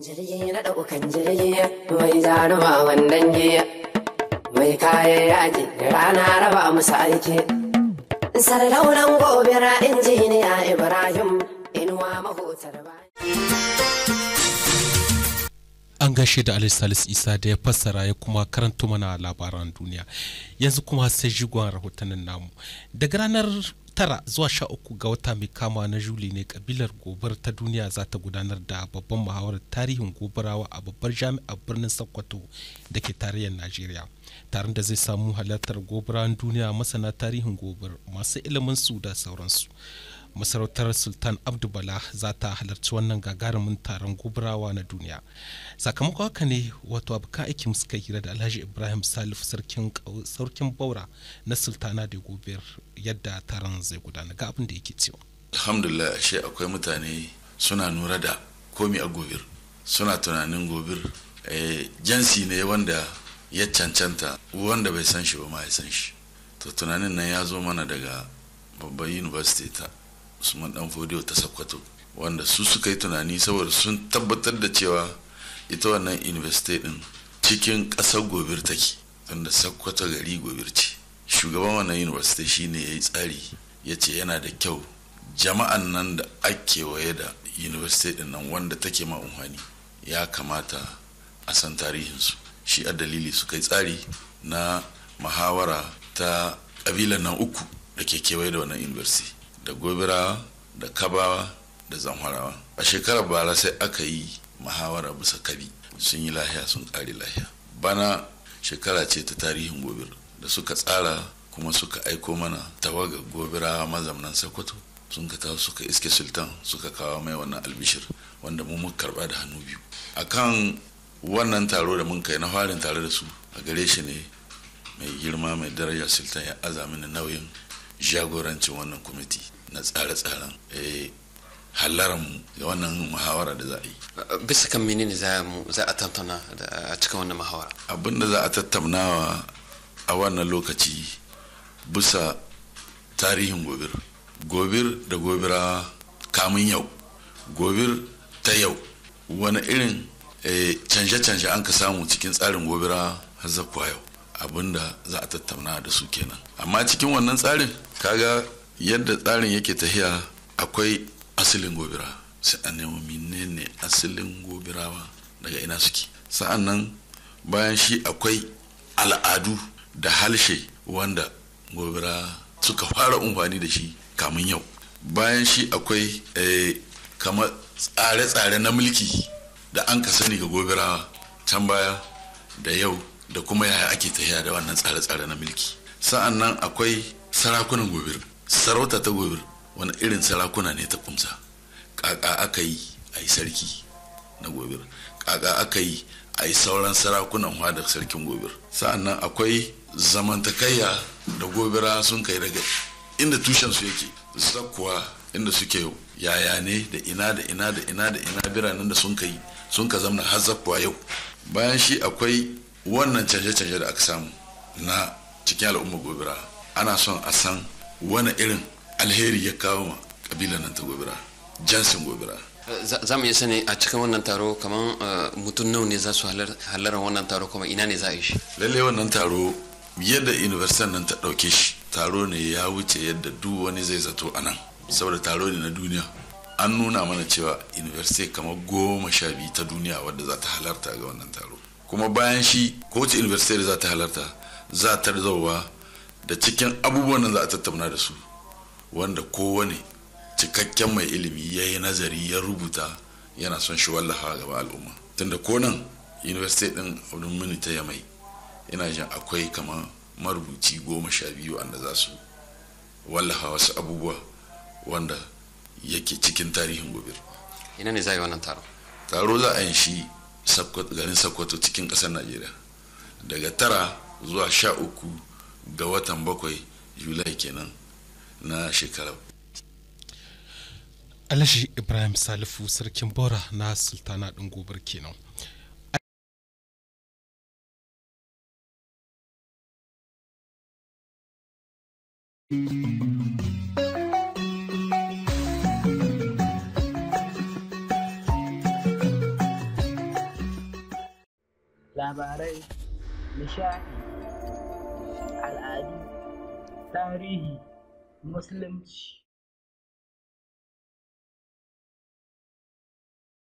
Jirgi na ɗaukan jirgi mai jaruma wannan giya mai kayan yaƙi rana raba musu aiki. Sardaunan gobera injiniya Ibrahim inuwa mahotar ba. An gaishe da Ali Salis Isa da ya fassara ya kuma karanto mana labaran duniya. Yanzu kuma sai jigon rahotannin namu. Daga ranar tara zuwa sha uku ga wata mai kama na juli ne kabilar gobar ta duniya za ta gudanar da babban muhawarar tarihin gobarawa a babbar jami'ar birnin sokoto da ke tarayyar najeriya taron da zai samu halartar gobarawan duniya masana tarihin gobar masu ilimin su da sauransu masarautar sultan abdubala za ta halarci wannan gagarumin taron gubrawa na duniya sakamakon haka ne wato ka aiki suka hira da alhaji ibrahim salif sarkin baura na sultana da gobe yadda taron zai gudana ga abin da yake cewa alhamdulillah ashe akwai mutane suna nura da komi a gobir suna tunanin gobir eh, jansi ne wanda ya cancanta wanda bai san shi ba ma ya san shi to tunanin nan ya zo mana daga babban university ta usman dan fodiyo ta sakkwato wanda su suka yi tunani saboda sun tabbatar da cewa ita wannan university din cikin ƙasar gobir take tunda sakkwato gari gobir ce shugaban wannan university shine ya yi tsari ya ce yana da kyau jama'an nan da ake waye da university din nan wanda take ma unhani ya kamata a san tarihinsu shi a dalili suka yi tsari na muhawara ta ƙabilan nan uku da ke kewaye da wannan university da gobira da kabawa da zamharawa a shekarar bara sai aka yi muhawara bisa kabi sun yi lahiya sun kare lahiya bana shekara ce ta tarihin gobir da suka tsara kuma suka aiko mana tawaga gobira mazamnan sokoto sun ka taso suka iske sultan suka kawo mai wannan albishir wanda mu muka karba da hannu biyu akan wannan taro da mun kai na farin tare da su a gare shi ne mai girma mai daraja sultan ya aza mini nauyin jagorancin wannan kwamiti na tsare-tsaren eh, mu ga wannan muhawara da za a yi bisa kan menene za a tattauna a cikin wannan muhawara abin da za a tattaunawa a wannan lokaci bisa tarihin gobir gobir da gobira kamun yau gobir ta yau wani irin eh, canje-canje an ka samu cikin tsarin gobira har zakwa yau da za a tattauna da su kenan amma cikin wannan tsarin kaga yadda tsarin yake tahiya akwai asalin gobira sai a nemo menene asalin gobirawa daga ina suke sa'annan bayan shi akwai al'adu da halshe wanda gobira suka fara umfani da shi kamun yau bayan shi akwai eh, kamar tsare-tsare na mulki da an ka sani ga gobirawa can baya da yau da kuma yaya ake tafiya da wannan tsare-tsare na mulki sa'an nan akwai sarakunan gobir sarauta ta gobir wani irin sarakuna ne ta kumsa kaka aka yi a yi sarki na gobir kaka aka yi a yi sauran sarakunan hwa da sarkin gobir sa'an nan akwai zamantakayya da gobira sun kai daga inda tushensu yake zakuwa inda suke yaya ne da ina da ina da ina da ina biranen da sun kai sun ka zamna har zakuwa yau bayan shi akwai wannan canje-canje da aka samu na cikin al'ummar gobira ana son a san wani irin alheri ya kawo ma kabilan nan ta gobira jansin gobira za mu yi sani a cikin wannan taro kamar eh, mutum nau ne za su halara wannan taro kuma ina ne za a yi shi lalle wannan taro yadda university nan ta ɗauke shi taro ne ya wuce yadda duk wani zai zato a nan saboda taro ne na duniya an nuna mana cewa university kamar goma sha biyu ta duniya wadda za ta halarta ga wannan taro kuma bayan shi kowace university da za ta halarta za ta zauwa da cikin abubuwan da za a tattauna da su wanda kowane cikakken mai ilimi ya yi nazari ya rubuta yana son shi wallafa gaba al'umma tunda ko nan university din abdulmuni ta yamai ina jin akwai kamar marubuci goma sha biyu wanda za su wallafa wasu abubuwa wanda yake cikin tarihin gobir ina ne za a yi wannan taro taro za a yi shi garin sokoto cikin ƙasar najeriya daga tara zuwa sha uku ga watan bakwai julai kenan na shekarar alashi ibrahim salifu sarkin bora na sultana ɗin gobar kenan thank you labarai, nishaɗi, al'adu, tarihi, musulunci.